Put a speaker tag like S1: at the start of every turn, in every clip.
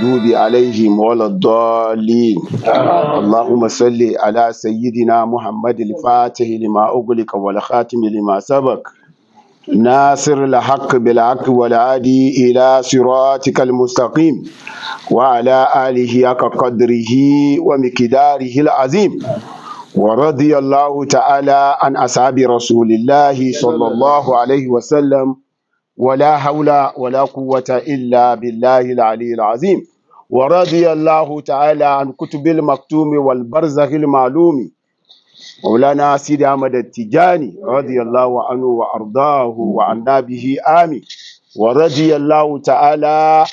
S1: المغضوب عليهم ولا الضالين اللهم صل على سيدنا محمد الفاتح لما أغلق والخاتم لما سبق ناصر الحق بالحق والعادي إلى صراطك المستقيم وعلى آله حق قدره ومقداره العظيم ورضي الله تعالى عن أصحاب رسول الله صلى الله عليه وسلم ولا حول ولا قوة إلا بالله العلي العظيم ورضي الله تعالى عن كتب المكتوم والبرزخ المعلوم مولانا سيدي أحمد التجاني رضي الله عنه وأرضاه وعنا به آمين ورضي الله تعالى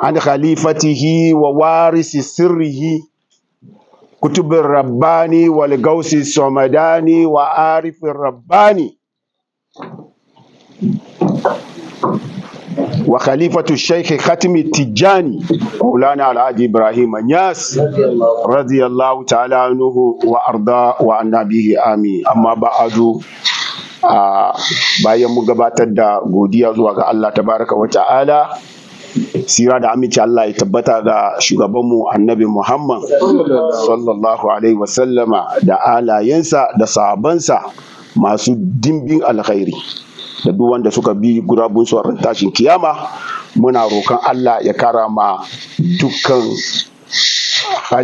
S1: عن خليفته ووارث سره كتب الرباني والغوث الصمداني وعارف الرباني wa khalifatu shaykh khatmi tijani maulana alhaji ibrahim anyas radiyallahu ta'ala anhu wa arda wa annabihi amin amma ba'adu bayan mu gabatar da godiya zuwa ga Allah tabaraka wa ta'ala sira da aminci Allah ya tabbata ga shugabanmu annabi Muhammad sallallahu alaihi wasallama da alayensa da sahabansa masu dimbin alkhairi da duk wanda suka bi gurabun su tashin kiyama muna rokan Allah ya kara ma dukkan a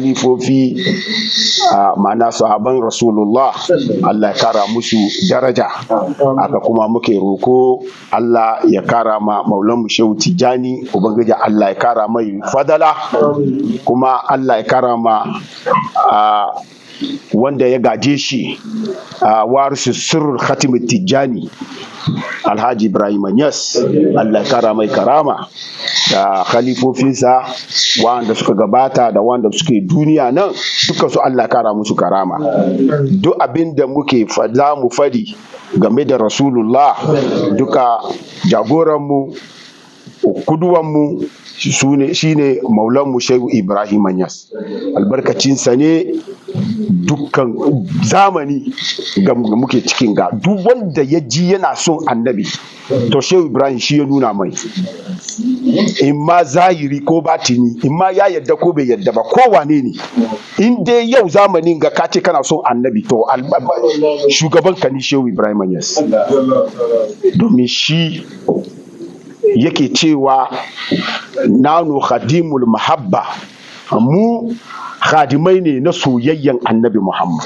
S1: ma'ana sahaban rasulullah Allah ya kara musu daraja aka kuma muke roko Allah ya kara ma maulan shehu tijani ubangiji Allah ya kara mai fadala kuma Allah ya kara ma wanda ya gaje shi a warisu surur khatim tijjani alhaji ibrahim anyas allah kara mai karama da khalifofinsa wanda suka gabata da wanda suke duniya nan duka su allah kara musu karama duk abin da muke za mu fadi game da rasulullah duka jagoranmu kuduwanmu shi ne mu shehu ibrahim anyas albarkacinsa ne dukkan zamani ga muke cikin ga duk wanda ya ji yana son annabi to shehu ibrahim shi ya nuna mai in ma zahiri ko batini in ma ya yadda ko bai yadda ba ko wane ne in dai yau zamanin ga kace kana son annabi to shugaban ka ni shehu ibrahim anyas domin shi yake cewa nanu khadimul mahabba mu khadimai ne na soyayyen annabi muhammad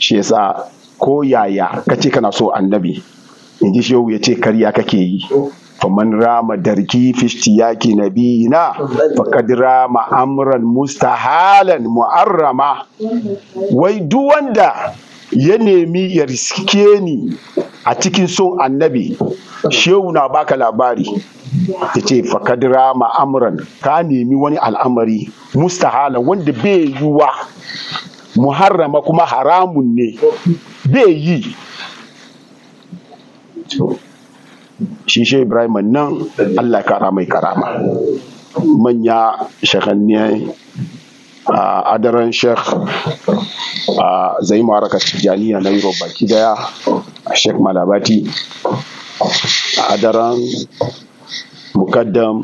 S1: shi yasa ko yaya kace kana so annabi in ji shehu ya ce karya kake yi faman rama darki fishtiyaki nabiyina faqad rama amran mustahalan mu'arrama wai duk wanda ya nemi ya riske ni a cikin son annabi shehu na baka labari ya ce fakadira ma'amuran ka nemi wani al'amari mustahala wanda bai yiwa muharrama kuma haramun ne bai yi shi shi ibrahim nan allah kara mai karama manya shakanniyar a daren sheikh zai ma'araka tijjaniya na europe baki daya a sheikh malabati a daren mukaddam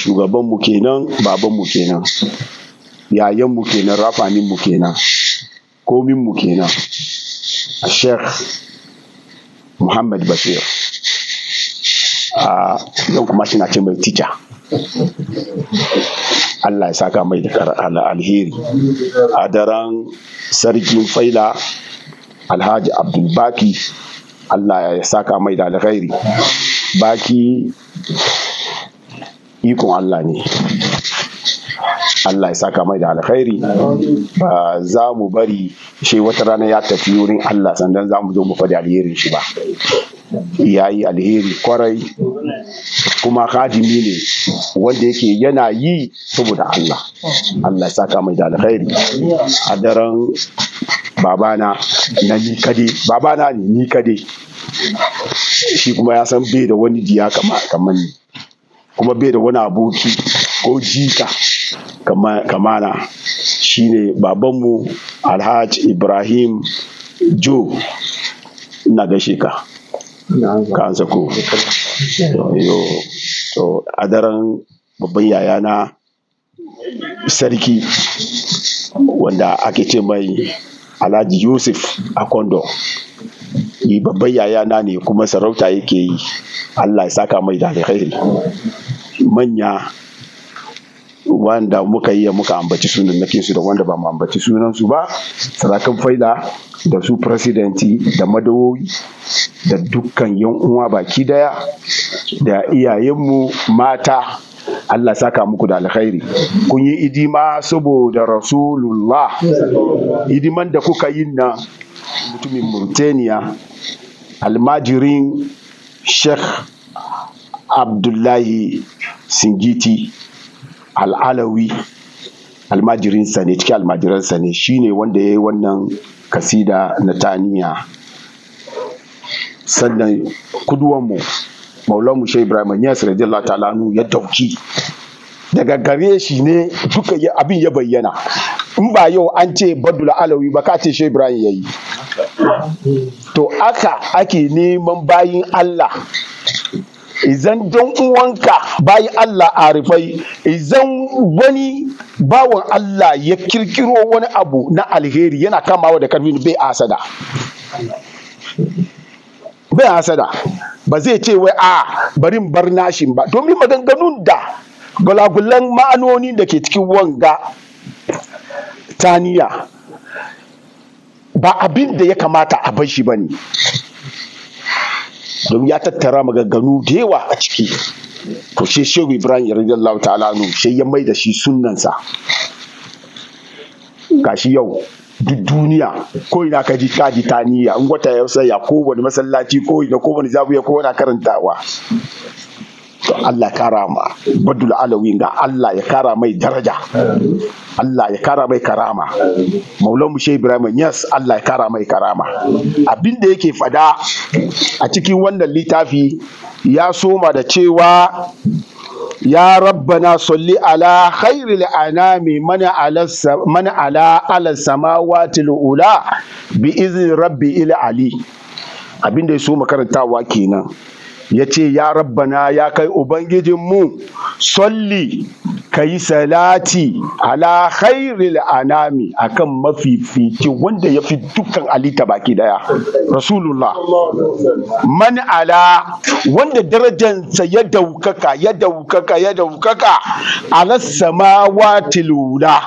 S1: shugabanmu kenan babanmu kenan yayanmu kenan rafaninmu kenan kominmu kenan a sheikh muhammad basir a yau kuma shi na ce mai tija Allah ya saka mai da alheri a daren sarkin faila alhaji abdulbaki Allah ya saka mai da alkhairi baki ikon Allah ne Allah ya saka mai da alkhairi ba za mu bari shi wata rana ya tafi wurin Allah sannan za mu zo mu faɗi alherin shi ba ya alheri kwarai kuma hadimi ne wanda yake yana yi saboda Allah Allah ya saka mai da alkhairi a daren babana na ni kade babana ne ni kade shi kuma ya san bai da wani diya kamar ni kuma bai da wani aboki ko jika kamana shine babanmu alhaji ibrahim jo na gashika ka ko so a daren babban yayana sarki wanda ake ce mai alhaji yusuf akondo yi babban yayana ne kuma sarauta yake yi allah ya saka mai da alkhairi manya wanda muka yi muka ambaci sunannakin su da wanda ba mu ambaci sunan su ba sarakan faida da su presidenti da madawoyi da dukkan yan uwa baki daya da iyayenmu mata Allah saka muku da alkhairi kun yi idima saboda rasulullah idiman da kuka yi na mutumin murtaniya almajirin sheikh abdullahi singiti al'alawi almajirinsa ne cikin almajiransa ne shine wanda ya yi wannan kasida na taniya sannan kuduwanmu mu shai ibrahim ya radiyallahu ta'ala anhu ya dauki daga gare shi ne duka abin ya bayyana in ba yau an ce badul alawi ba ka ce shai ibrahim yayi to aka ake neman bayin Allah izan don uwanka bayi Allah a arifai izan wani bawan Allah ya kirkiro wani abu na alheri yana kamawa da karfin bai asada bai asada ba zai ce wai a barin bar nashin ba domin maganganun da gulagulan ma'anoni da ke cikin wanga taniya ba abin da ya kamata a bar shi ba ne domin ya tattara maganganu da yawa a ciki to shi shehu ibrahim radiyallahu ta'ala anhu shi ya maida da shi sunnansa gashi yau duk duniya ko ina ka ji ta jitaniya in wata ya saya ko wani masallaci ko ina ko wani zabuya ko wani karantawa to Allah ya kara ma badul Alawi ga Allah ya kara mai daraja Allah ya kara mai karama maulan mu ibrahim yes Allah ya kara mai karama abin da yake fada a cikin wannan littafi ya soma da cewa ya rabbana salli ala khairil anami mana ala mana ala ala samawati ula bi izni rabbi ila ali abin da ya so makarantawa kenan ya ce ya rabbana ya kai ubangijinmu solli ka yi salati ala khairil anami akan mafifici wanda ya fi dukkan alita baki daya rasulullah man ala wanda darajansa ya daukaka ya daukaka ya daukaka ala samawati lula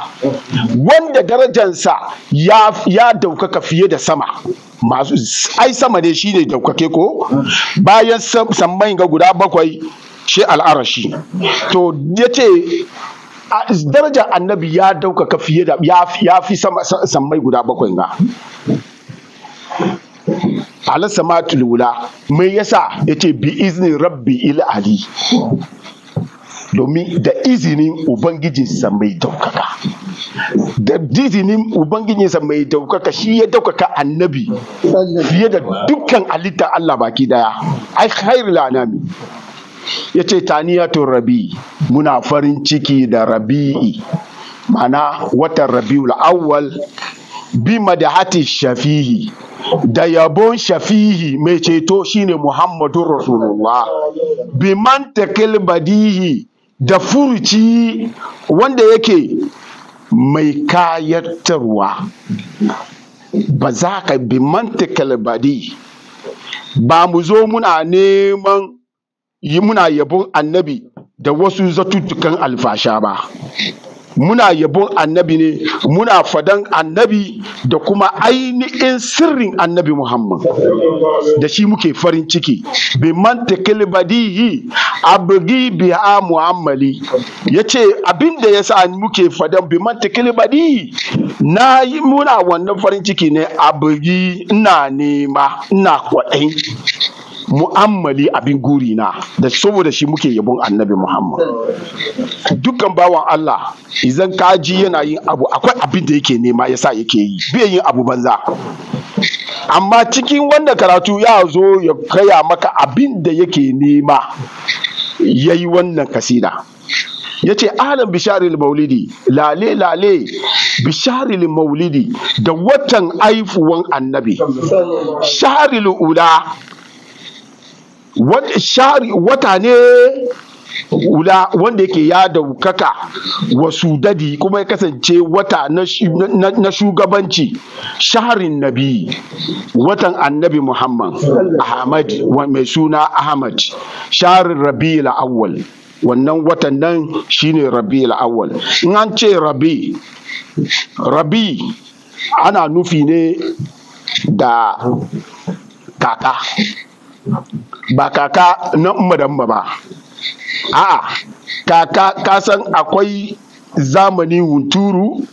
S1: wanda darajansa ya daukaka fiye da sama masu ai sama ne shine daukake ko bayan sammai ga guda bakwai shi al'arashi to ya ce darajar annabi ya daukaka fiye da ya fi sammai guda bakwai ga alasa matulula mai yasa ya ce bi izinin rabbi il'ali. ali domin da izinin ubangijinsa mai daukaka da izinin ubangijinsa mai daukaka shi ya daukaka annabi fiye da dukkan halitta Allah baki daya ai khairu lanami ya ce taniyatun rabi muna farin ciki da rabi'i mana watan rabiul awwal bi madahati shafihi da yabon shafihi mai ceto shine muhammadun rasulullah bi mantakil badihi da furuci wanda yake mai kayatarwa ba za ka bi mantakal ba mu zo muna neman yi muna yabon annabi da wasu zatuttukan alfasha ba muna yabon annabi ne muna fadan annabi da kuma ainihin sirrin annabi muhammad da shi muke farin ciki bi mantakil badihi abgi biya muhammali ya ce abinda ya sa muke fadan bi mantakil badihi na yi muna wannan farin ciki ne abgi ina nema ina kwaɗayi mu'ammali abin guri na da saboda shi muke yabon annabi Muhammad dukkan bawan Allah idan kaji yana yin abu akwai abin da yake nema yasa yake yi bai yin abu banza amma cikin wanda karatu ya zo ya kaya maka abin da yake nema ya yi wannan kasida ya ce alam bisharil maulidi lale lale bisharil maulidi da watan aifuwan annabi sharil ula wata ne wula wanda yake ya daukaka wasu dadi kuma ya kasance wata na shugabanci shaharin nabi watan annabi muhammad ahmad mai suna ahmad shaharin rabi awwal wannan watan nan shine rabi awwal in an ce rabi rabi ana nufi ne da kaka ba kaka na umma da umma ba a'a kaka kasan akwai zamanin hunturu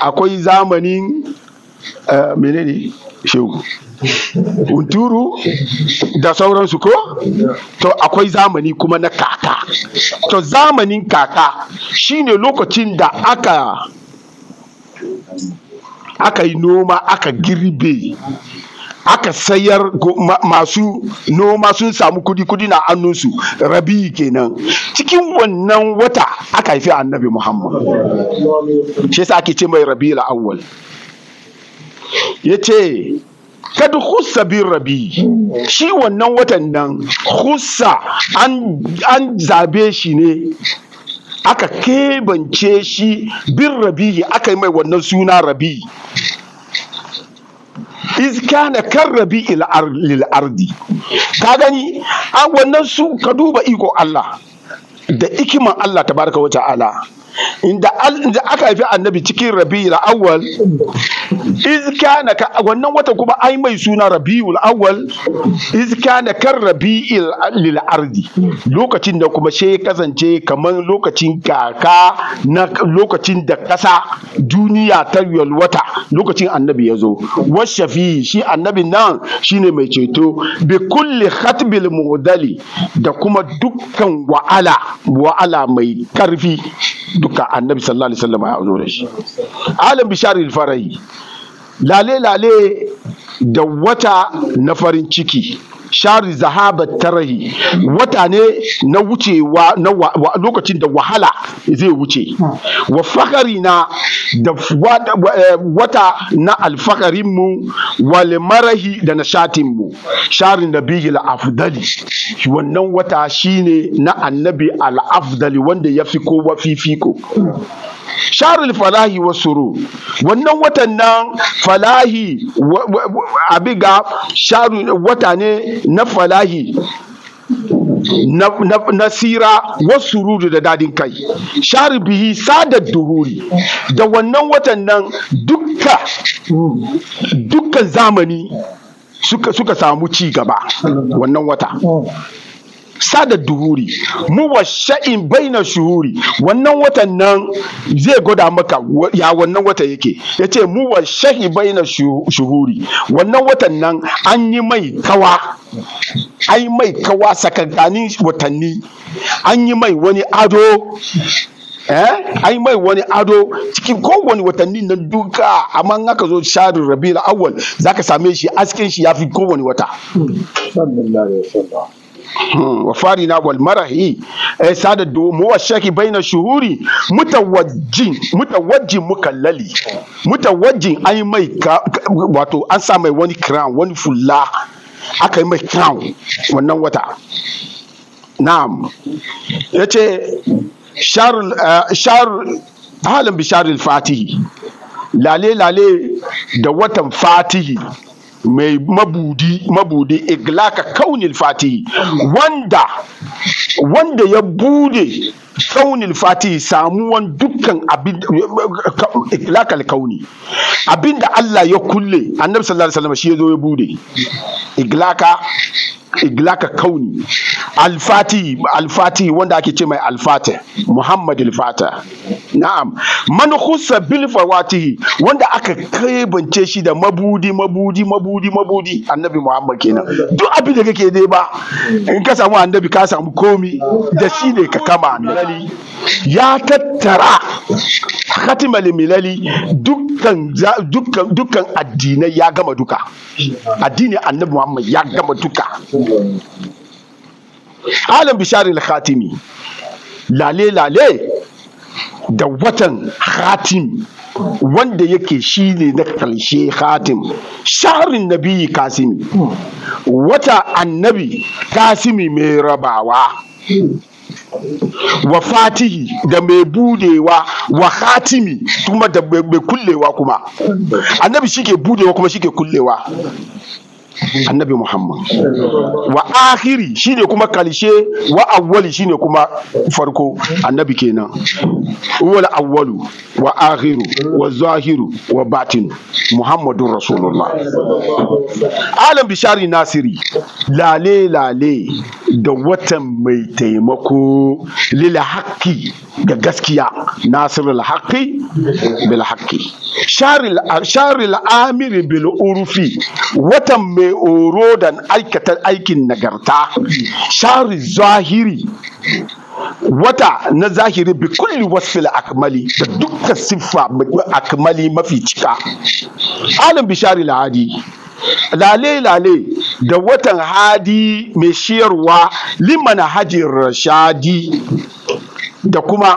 S1: akwai zamanin eh, menene shegu hunturu da sauransu ko to akwai zamani kuma na kaka to zamanin kaka shine lokacin da aka aka yi noma aka girbe aka sayar masu noma sun samu kudi kudi na annunsu rabi kenan cikin wannan wata aka haifi annabi muhammad shi yasa ake ce mai rabi awwal yace kad khussa hussa bin rabi shi wannan watan nan husa an zabe shi ne aka kebance shi bin rabi aka yi mai wannan suna rabi iska na karrabi lil ardi ka gani a wannan su ka duba iko Allah da ikiman Allah tabaraka wa ta'ala inda aka haifi annabi cikin rabi'ul awwal iz kana ka wannan wata kuma ai mai suna rabi'ul awwal iz kana kan rabi'il lil ardi lokacin da kuma she kasance kaman lokacin kaka na lokacin da kasa duniya ta yalwata lokacin annabi ya zo washafi shi Annabi nan shine mai ceto bi kulli khatbil mudali da kuma dukkan wa'ala wa'ala mai karfi duka annabi sallallahu alaihi wasallam ya zo da shi alam bishari Farai, lale lale da wata na farin ciki shari zahaba tarahi wata ne na wucewa na lokacin da wahala zai wuce wa fakari na da eh, wata na alfakarin mu wal da na shatin mu shari nabiyil afdali wannan wata shine na annabi al wanda ya fi kowa fifiko Sharin falahi wa suru wannan watan nan falahi abiga sharu wata ne na falahi na sira wasu rudu da dadin kai shari bihi sadar duhuri da wannan watan nan dukka dukkan zamani suka samu ci gaba wannan wata sada duhuri mu wa sha'in baina shuhuri wannan watan nan zai gwada maka ya wannan wata yake ya ce mu wa sha'in baina shuhuri wannan watan nan an yi mai kawa an yi mai kawa sakankanin watanni an yi mai wani ado eh ai mai wani ado cikin kowane watanni na duka amma in aka zo sharin rabiul awwal zaka same shi askin shi fi kowane wata hmm. sallallahu Wani fari na wani marahi? Ɛ ya eh, sa da Mu wa sheki? shuhuri. Mutan wajin mu kan lali. Mutan wajin an yi mai, wani crown, wani fulla. A kan mai crown, wannan wata. Na, yace halin bi fatihi fati. Lale-lale da watan fatihi mai mabudi mabudi iglaka kaunil fati wanda wanda ya bude kaunil fati samuwan dukkan abin iglakal kauni abinda Allah ya kulle annabi sallallahu alaihi wasallam shi ya zo ya bude iglaka iglaka kauni alfati alfati wanda ake ce mai alfata muhammad alfata na'am man khussa bil fawatihi wanda aka bance shi da mabudi mabudi mabudi mabudi annabi muhammad kenan duk abin da kake dai ba in ka samu annabi ka samu komi da shi ne ka kama milali ya tattara khatimal milali dukkan dukkan dukkan addinai ya gama duka addinin annabi muhammad ya gama duka alam bishari khatimi lale lale da watan khatim wanda yake shi ne na karshe khatim Sharin nabi kasimi wata annabi kasimi mai rabawa wa fatihi da mai budewa wa khatimi kuma da mai kullewa kuma annabi shi ke budewa kuma shi ke kullewa annabi muhammad wa akhiri shine kuma kalishe wa awwali shine kuma farko annabi kenan wal awwalu wa ahiru wa zahiru wa batinu muhammadun rasulullah alam bishari nasiri lale lale da watan mai taimako lil haqqi ga gaskiya Nasiru haqqi bil haqqi sharil sharil amiri bil urfi watan mai mai oro da aikata aikin nagarta shari zahiri wata na zahiri bi kulli wasfil akmali da duka siffa akmali mafi cika alim bishari lahadi lale lale da watan hadi mai shiyarwa liman hajin rashadi da kuma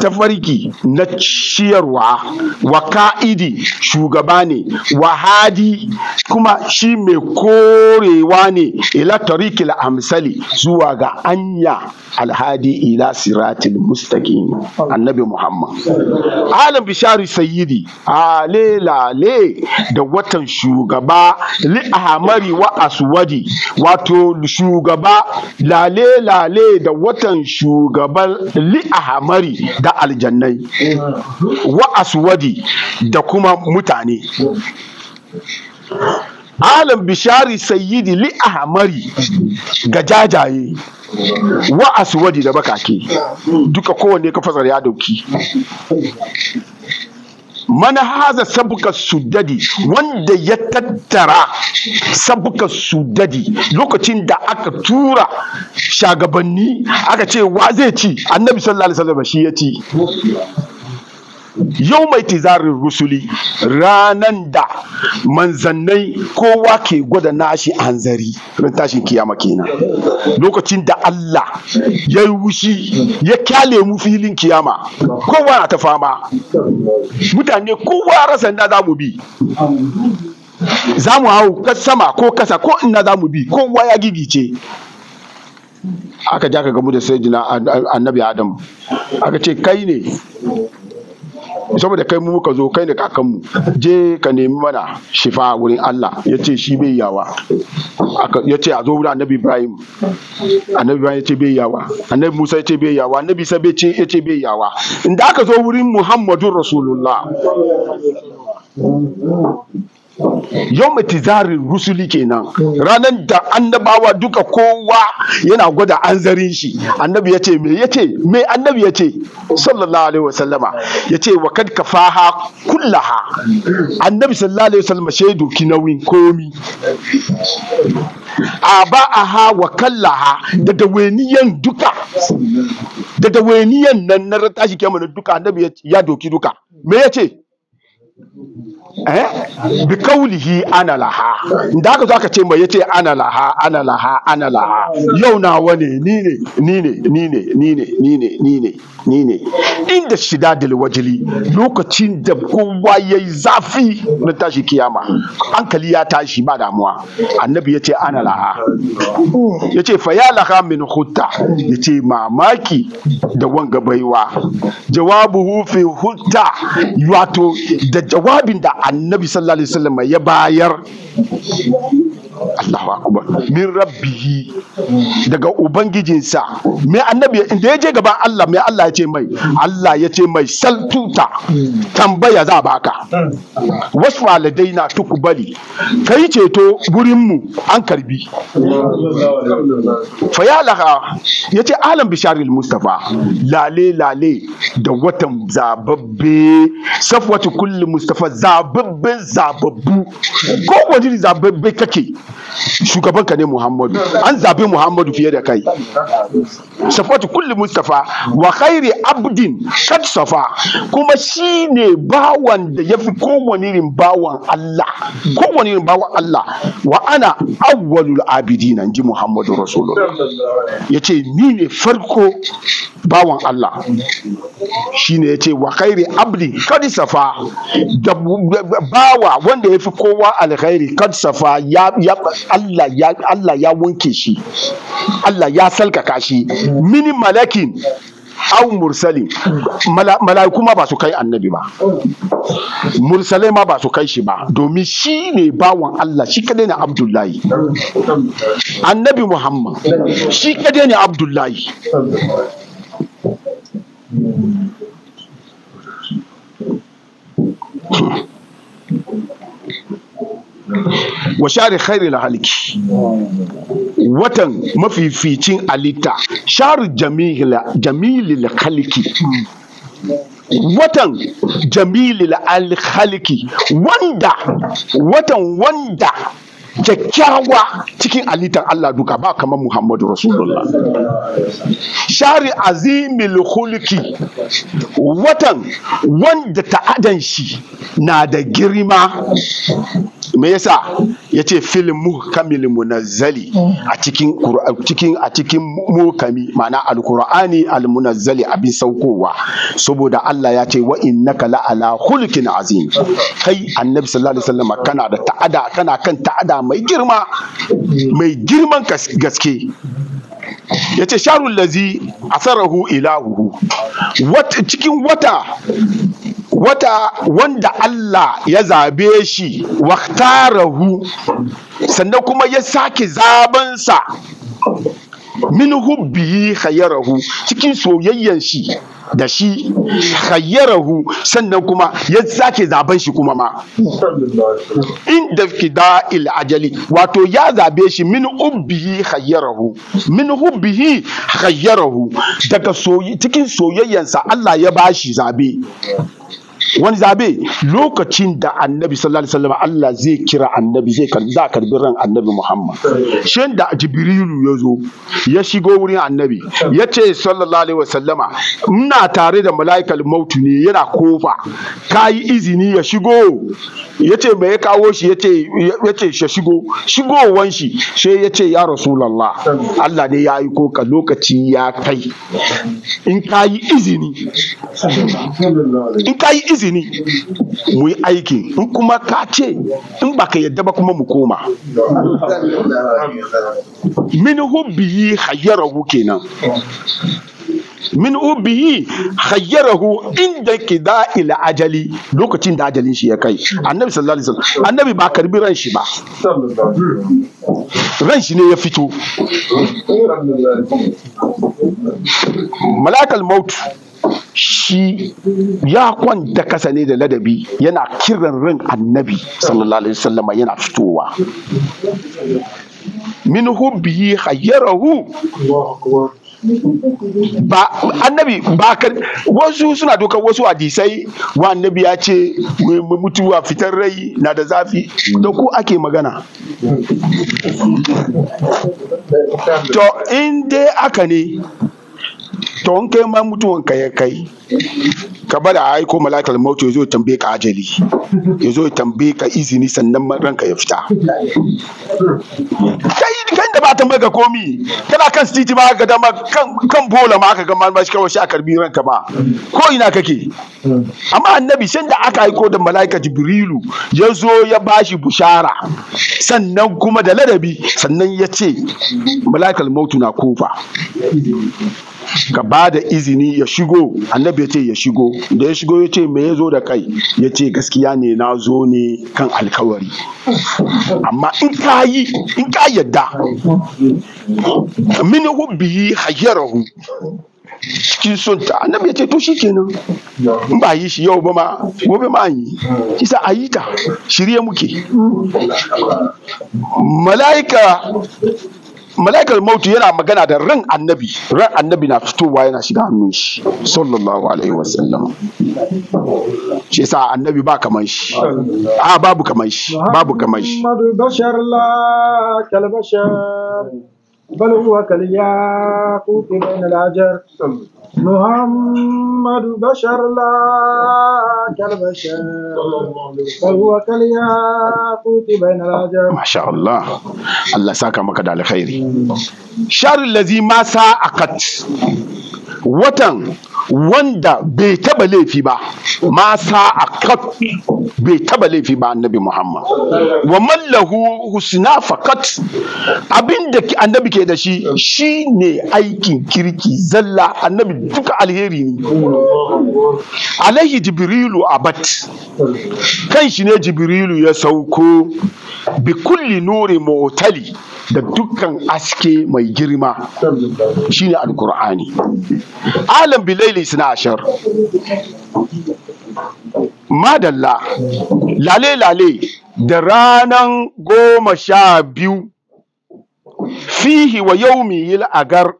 S1: tafarki na ciyarwa wa ka'idi shugaba ne wa hadi kuma shi mai korewa ne ila tarikil amsali zuwa ga anya alhadi ila siratil mustaqim annabi muhammad alam bishari sayyidi alelale da watan shugaba li ahamari wa aswadi wato shugaba lale lale da watan shugaban li ahamari da aljannai wa aswadi da kuma mutane alam bishari sayyidi li ahamari ga jajaye wa aswadi da bakake duka kowanne ka fasar ya dauki man haza sabuka sudadi wanda ya tattara sabuka sudadi lokacin da aka tura shagabanni aka ce wa zai ci annabi sallallahu alaihi wasallam shi ya ci yau mai tizarin rusuli ranan da manzannai kowa ke gwada nashi a hanzari ran tashin kiyama kenan lokacin da Allah ya yi wushi ya kyale mu filin kiyama kowa na ta fama mutane kowa rasa na za mu bi za mu hau sama ko kasa ko ina za mu bi kowa ya gigice aka ja ka gamu da sayyidina annabi adam aka ce kai ne saboda kai mu muka zo kai ne kakan mu. je ka nemi mana shifa wurin Allah ya ce shi bai yawa ya ce a zo wurin annabi Ibrahim annabi Ibrahim ya ce bai yawa annabi Musa ya ce bai yawa annabi Isa ya ce bai yawa inda aka zo wurin Muhammadu Rasulullah yau zarin rusuli kenan ranar da annabawa duka kowa yana gwada anzarin shi annabi ya ce me ya ce me annabi ya ce sallallahu alaihi wasallama ya ce wa kad faha kullaha annabi sallallahu alaihi wasallama shaidu ki nauyin komi a ba a ha wa kallaha da dawainiyan duka da dawainiyan nan na tashi kiyama duka annabi ya doki duka me ya ce Eh? bi kaulihi ana laha da aka zo aka ce mai yace ana laha ana laha ana laha yau na wane ni ne ni ne ni ne ni ne ni ne ni ne ni ne inda shida dil lokacin da kowa yayi zafi na tashi kiyama hankali ya tashi ba damuwa annabi yace ana laha yace fa ya laha min hutta yace mamaki da wanga baiwa jawabuhu fi hutta wato da jawabin da annabi sallallahu alaihi wasallam ya bayar Allahu akbar min rabbihi daga ubangijinsa me annabi inda ya je gaba Allah me Allah ya ce mai Allah ya ce mai saltuta tambaya za baka wasu bali, ka kai ceto gurin mu an karbi fayalaha ya ce alam bisharil mustafa lale lale da watan zababbe safwatu kulli mustafa zababbe zababbu ko wani zababbe kake shugaban ka ne muhammadu an zabi muhammadu fiye da kai safatu kulli mustafa wa khairi abdin kad safa kuma shi ne bawan da ya fi kowane bawan allah kowane irin bawan allah wa ana awwalul abidin an ji muhammadu rasulullah ya ce ni ne farko bawan allah shi ne ya ce wa khairi abdi kad safa da bawa wanda ya fi kowa alkhairi kad safa ya Allah ya wanke shi Allah ya salkaka shi mini malakin aw mursali. mala'iku ma ba su kai annabi ba mursalai ma ba su kai shi ba domin shi ne bawan Allah shi kadai ne abdullahi annabi muhammad shi kadai ne abdullahi wa share khairil halki watan mafificin alita sharu jamilil halki watan jamilil alhalki wanda watan wanda kyakkyawa cikin alitan Allah duka ba kamar Muhammadu Rasulullah. Shari azimil hulki watan wanda ta'adan shi na da girma me yasa yace fil muhkamil munazzali a cikin cikin a cikin muhkami ma'ana alqur'ani almunazzali abin saukowa saboda Allah ya ce wa innaka la ala khulqin azim kai annabi sallallahu alaihi wasallam kana da ta'ada kana kan ta'ada mai girma mai girman gaske yace ce sharun lazi a sarahu cikin wata wata wanda Allah ya zabe shi waktarahu sannan kuma ya sake zabansa min hubbihi khayyarahu cikin soyayyan shi da shi khayyarahu sannan kuma ya sake zaben shi kuma ma in da fida'il ajali wato ya zabe shi min hubbihi khayyarahu min hubbihi khayyarahu daga cikin soyayyansa Allah ya bashi zabe wani zabe lokacin da annabi sallallahu alaihi wasallam Allah zai kira annabi zai karbi za karbi ran annabi Muhammad shin da jibrilu ya zo ya shigo wurin annabi ya ce sallallahu alaihi wasallama ina tare da mala'ikal mautu ne yana kofa kayi izini ya shigo ya ce me ya kawo shi ya ce ya shigo shigowan shi sai ya ce ya rasulallah Allah ne ya yi koka lokaci ya kai in kayi izini in kayi izini mu yi aiki in kuma ka ce in ba ka yadda ba kuma mu koma minhu biyi hayyarahu kenan min ubihi khayyarahu inda da ila ajali lokacin da ajalin shi ya kai annabi sallallahu alaihi wasallam annabi ba karbi ran shi ba ran shi ne ya fito malakal mautu. shi ya kwanta kasa ne da ladabi yana kiran rin annabi sallallahu alaihi wasallam yana fitowa min hubbihi hayyarahu ba annabi ba kan wasu suna dokar wasu hadisai wa annabi ya ce mutuwa fitar rai na da zafi da ku ake magana to in dai aka ne to in kai ma mutuwan ka ya kai ka bada a aiko malakal mautu ya zo tambaye ka ajali ya zo tambaye ka izini sannan ranka ya fita kai kai da ba tambaye ka komi kana kan titi ba ka dama kan bola ma aka ga ba shi kawai shi a karbi ranka ba ko ina kake amma annabi shin da aka aiko da malaika jibrilu ya zo ya bashi bushara sannan kuma da ladabi sannan ya ce malakal mautu na kofa ka ba da izini ya shigo annabi ya ce ya shigo da ya shigo ya ce me ya zo da kai ya ce gaskiya ne na zo ne kan alkawari amma in ka yi in ka yadda minahu biyi hayyarahu cikin sunta annabi ya ce to shi kenan in ba yi shi yau ba ma gobe ma yi kisa a yi ta shirye muke mala'ika mala'ikar mautu yana magana da ran annabi ran annabi na fitowa yana shiga hannun shi sallallahu alaihi wasallam shi yasa annabi ba kaman shi a babu kaman shi babu kaman shi bashar la kal bashar bal huwa kal yaqut bain al محمد بشر لا كالبشر فهو كالياقوت بين الاجر ما شاء الله الله ساك مكد على خيري شر الذي ما ساقت وطن wanda bai taba laifi ba ma a kat bai taba laifi ba annabi Muhammad wa mallahu husna fakat abinda annabi ke da shi shine aikin kirki zalla annabi duka alheri ne alaihi jibrilu abat kan shi ne jibrilu ya sauko bi kulli nuri mu'tali da dukkan aske mai girma shine alqur'ani alam bilai مجلس ashir madalla lale-lale da ranan goma sha biyu fihi wa yau miyi agar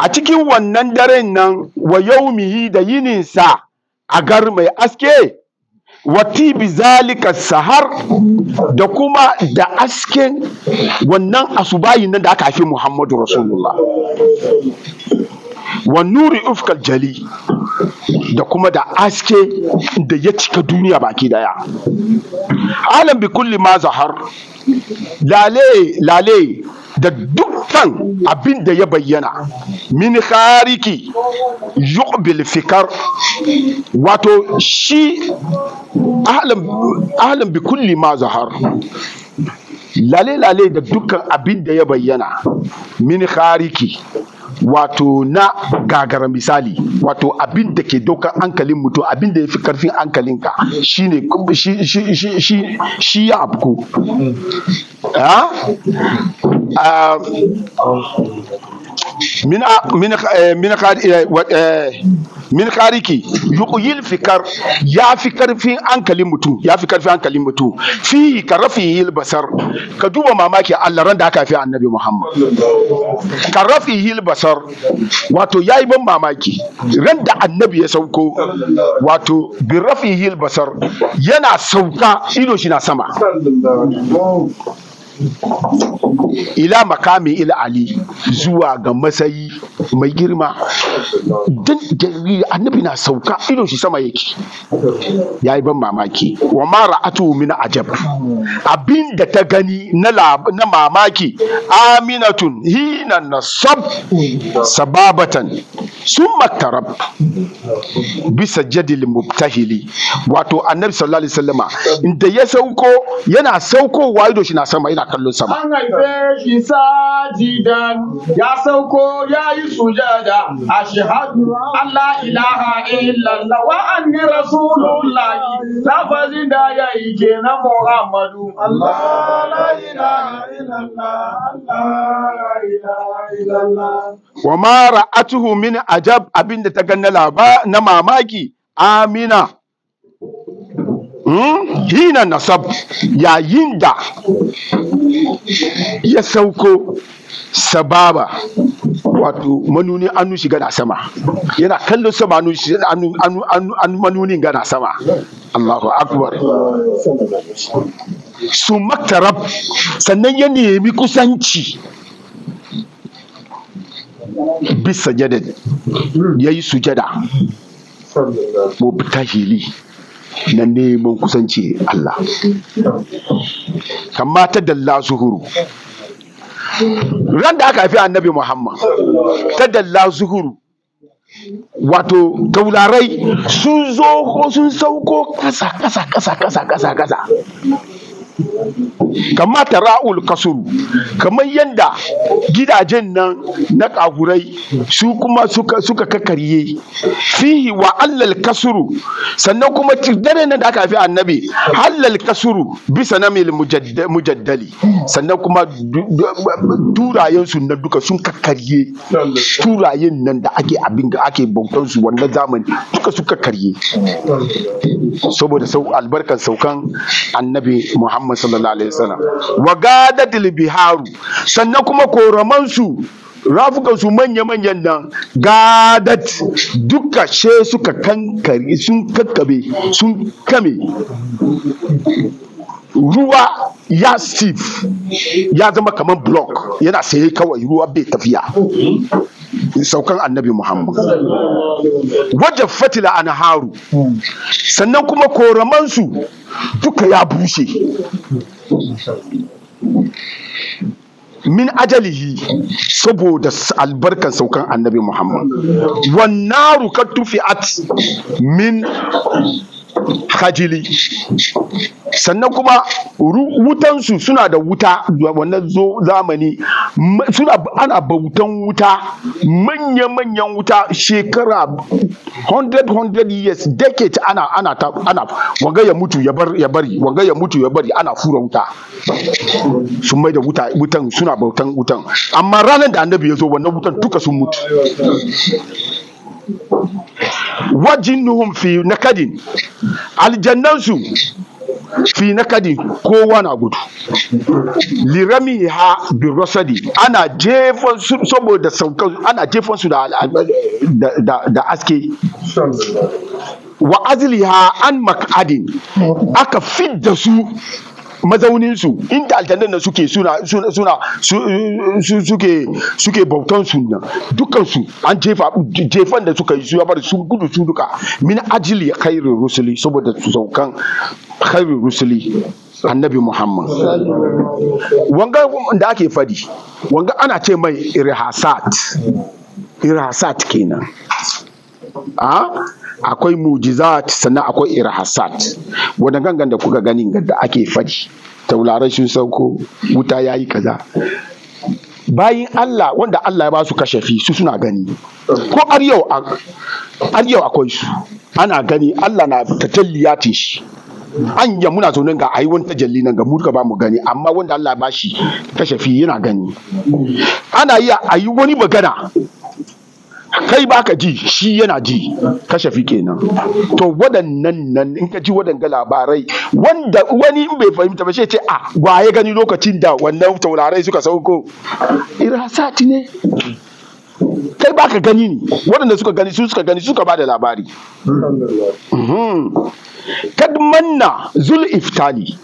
S1: a cikin wannan daren nan wa yau miyi da yininsa agar mai aske wati bizalika sahar da kuma da asken wannan asubayin nan da aka haifi muhammadu rasulullah wa nuri ufkal jali da kuma da aske da ya cika duniya baki daya alam bi kulli ma zahar lale lale da dukkan abin da ya bayyana min khariki yuqbil fikar wato shi alam bi kulli ma zahar lale-lale da dukkan abin da ya bayyana min khariki wato na gagara misali wato abin da ke dokar hankalin mutum abin da ya fi karfin hankalinka shi ne shi ya abku ah? Ah. min min min min kariki yuqyil fikar ya fi karfin mutu, ya ya fi karfin mutu fi ka rafihil basar ka duba mamaki Allah ran da aka fi annabi Muhammad ka rafihil basar wato yayi ban mamaki ran da annabi ya sauko wato bi rafi rafihil basar yana sauka ido shi na sama ila makami ila ali zuwa ga matsayi mai girma dan annabi na sauka ido shi sama yake ya yi ban mamaki wa mara atu min ajab abin da ta gani na mamaki aminatun hina nasab sababatan sun maktarab bisa jadil mubtahili wato annabi sallallahu alaihi wasallama inda ya sauko yana saukowa ido shi na sama yana kallon sama an haife shi sajidan ya sauko ya yi sujada ashhadu an la ilaha illallah wa anni rasulullah lafazin da ya yi ke na muhammadu allah la ilaha illallah allah la ilaha illallah wa ma ra'atuhu min ajab abinda ta ganna na mamaki amina Hmm? hina nasab yayin da ya sauko sababa wato manuni anu shiga na sama yana kallon sama anu anu anu anu manunin gana sama Allahu akbar su maktarab sannan ya nemi kusanci bisa jadad ya yi sujada mubtahili na neman kusanci Allah kamma ta dalla zuhuru ran da aka haifi annabi Muhammad ta dalla zuhuru wato taularai sun zo ko sun sauko kasa kasa kasa kasa kasa kasa kamata ra'ul kasuru kamar yadda gidajen nan na kagurai su kuma suka suka kakarye fihi wa allal kasuru sannan kuma dare nan da aka fi annabi allal kasuru bisa na mil mujaddali sannan kuma turayen su na duka sun kakariye turayen nan da ake abin da ake bautan su wannan zamani duka suka karye saboda albarkar saukan annabi muhammad Muhammad sallallahu alaihi wasallam wa gadatil biharu sannan kuma koraman su rafukan su manya-manyan nan gadat duka she suka kankare sun kakkabe sun kame ruwa ya sif ya zama kamar block yana sai kawai ruwa bai tafiya saukan annabi muhammad wajen fatila anharu haru sannan kuma koramansu duka ya bushe min ajalihi saboda albarkan saukan annabi muhammad wannan rukar tufi'at min hajili sannan kuma wutansu suna da wuta wannan zamani suna ana bautan wuta manya-manyan wuta shekara 100-100 years decade ana ana ana wanga ya mutu ya bar ya bari wanga ya mutu ya bari ana fura wuta sun mai da wuta wutan suna bautan wutan amma ranar da annabi ya zo wannan wutan duka sun mutu nuhun fi nakadin aljannansu fi nakadin kowa na gudu lirami ha bi rosadi ana jefon su saboda saukan ana jefon su da da aske wa azliha an mak'adin aka fidda su mazaunin su inda aljannan da suke suna suna suke suke bautan su nan dukkan su an jefa jefan da suka yi su ya bar su gudu su duka min ajili khairu rusuli saboda su saukan khairu rusuli annabi muhammad wanga da ake fadi wanga ana ce mai irhasat irhasat kenan a ah? akwai mujizat sannan akwai irhasat wanda gangan da kuka gani da ake faji taularai sun sauko wuta yayi kaza bayin Allah wanda Allah ya ba su kashafi su suna gani ko har yau akwai su ana gani Allah na tajalliyatin shi an yi muna zaune ga ayi wani tajalli nan ga mu ba mu gani amma wanda Allah ya bashi kashafi yana gani ana iya ayi wani magana kai baka ji shi yana ji kashafi kenan to waɗannan nan in ka ji waɗanga labarai wanda wani in bai fahimta ba shi ce a ah, waye gani lokacin da wannan taurarai suka sauko irasati ne kai baka gani ne waɗanda suka gani su suka gani suka bada labari mhm. kad manna zul iftali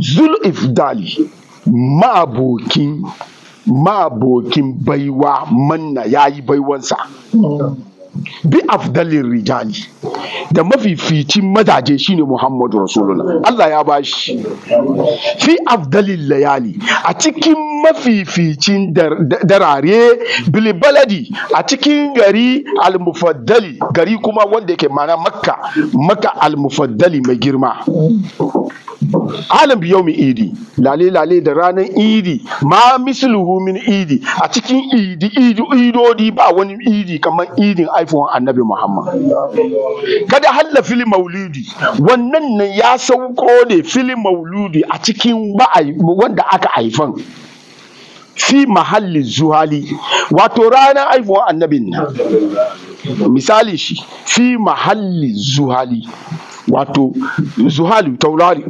S1: zul iftali ma'abokin ma abokin baiwa manna ya yi baiwansa bi afdalin rijali da mafificin mazaje shine Muhammadu Rasulullah Allah ya bashi fi afdalin layali a cikin mafificin darare bilbaladi a cikin gari almufaddali gari kuma wanda yake mana makka makka almufaddali mai girma alam bi yawmi idi lale lale da ranar idi ma misluhu min idi a cikin idi idi idodi ba wani idi kamar idin aifuwan annabi muhammad kada halla fili maulidi wannan nan ya sauko ne fili mauludi a cikin wanda aka haifan fi mahallin zuhali wato ranar aifuwan annabin nan misali shi fi mahallin zuhali wato taulari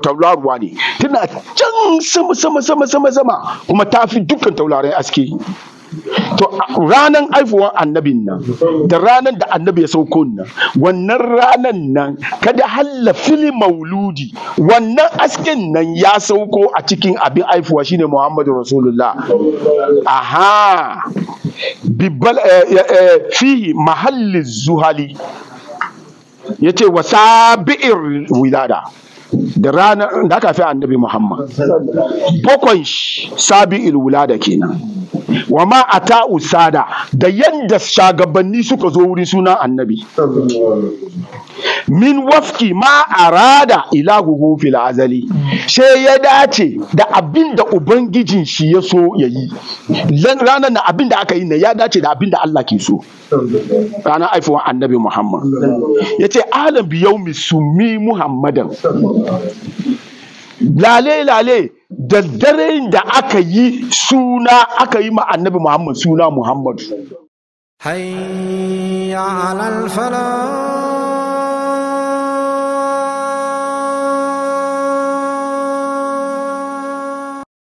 S1: taularuwa ne tana can sama sama sama sama sama kuma ta fi dukkan taularai aske to ranan aifuwar annabin nan da ranan da annabi ya sauko nan wannan ranan nan kada halla fili mauludi wannan askin nan ya sauko a cikin abin haifuwa shine muhammadu rasulullah aha eh, eh, eh, fihi mahallin zuhali ya ce wa sabi'ir wilada da ranar da aka fi annabi Muhammad bakwai sabi'il wulada kenan wa ma ata usada da yadda shagabanni suka zo wurin suna annabi min wafki ma arada ilahuhu fil azali sai ya dace da abin da ubangijin shi ya so ya yi ranar na abin da aka yi ne ya dace da abin da Allah ke so ranar aifuwan annabi Muhammad ya ce alam yau sumi Muhammadan lale lale da dare da aka yi suna aka yi ma annabi Muhammad suna Muhammad hayya alal falah